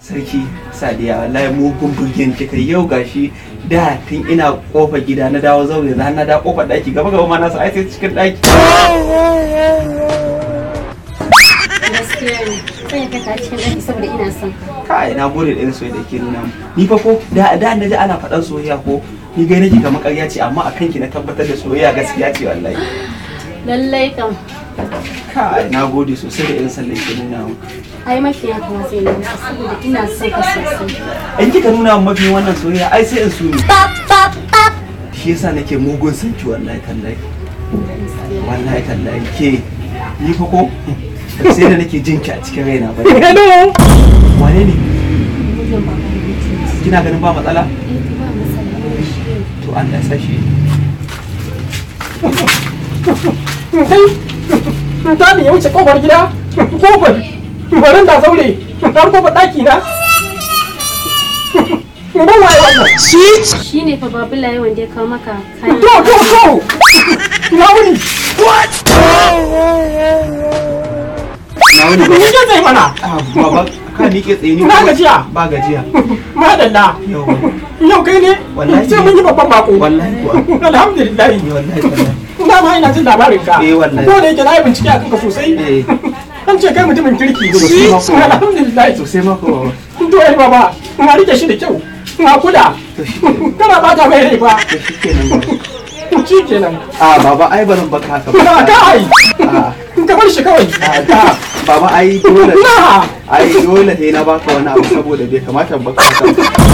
sarki sadiya wallahi mugun burgen kika yau gashi da tun ina kofa gida na dawo zaune, na na da kofa daki gaba gaba ma na sai sai cikin daki saboda ina son kai na gode da soyayya da ke nuna ni fa ko da da na ji ana faɗan soyayya ko ni ga nake ga makarya ce amma akan ki na tabbatar da soyayya gaskiya ce wallahi lallai kam kai na gode sosai da yan sallan ki nuna mu ai mafi ya kuma sai ne saboda ina son ka sosai in kika nuna mu mafi wannan soyayya ai sai in su shi yasa nake mugun son ki wallahi tallahi wallahi tallahi ke ni fa ko sai da nake jin ki a cikin raina ba wane ne kina ganin ba matsala to an ya sa shi ta ne ya wuce kofar gida kofar barin da zaure har kofar ɗaki na ban waye wannan shi shi ne fa babula yawan da ya kawo maka kayan to to to na wuni na wuni ba ni ke tsaye mana ah, baba ka ni ke tsaye ni na gajiya ba gajiya madalla yau kai ne sai mun yi babban bako wallahi kuwa alhamdulillah wallahi wallahi dama ina jin labarin ka eh, ko da yake na yi bincike a ka sosai eh. an ce kai mutumin kirki ne alhamdulillah sosai ma ko to ai baba na rike shi da kyau na kula kana bata mai rai fa shi kenan a baba ai barin baka haka ba kai ka bar shi kawai a da baba ai dole ai dole sai na baka wani abu saboda bai kamata baka haka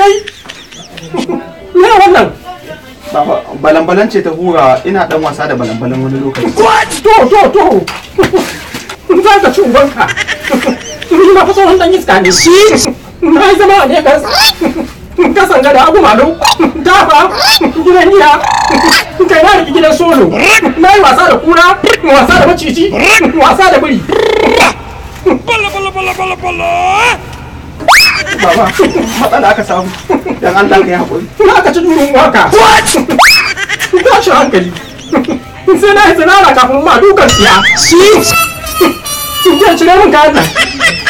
kai me wannan balan ce ta hura ina dan wasa da balan-balan wani lokaci to to to za ka ci ubanka ni ma fa sauran dan iska ne shi na yi zama a ne ka ka sanga da abu malo dafa gidan iya kai na riki gidan solo na yi wasa da kura wasa da macici wasa da biri bala bala bala bala bala baba matsala aka samu dan Allah ka ya hakuri na aka ci durin waka what shi hankali sai na yi tsanara kafin ma dukan siya shi kin cire min kayan nan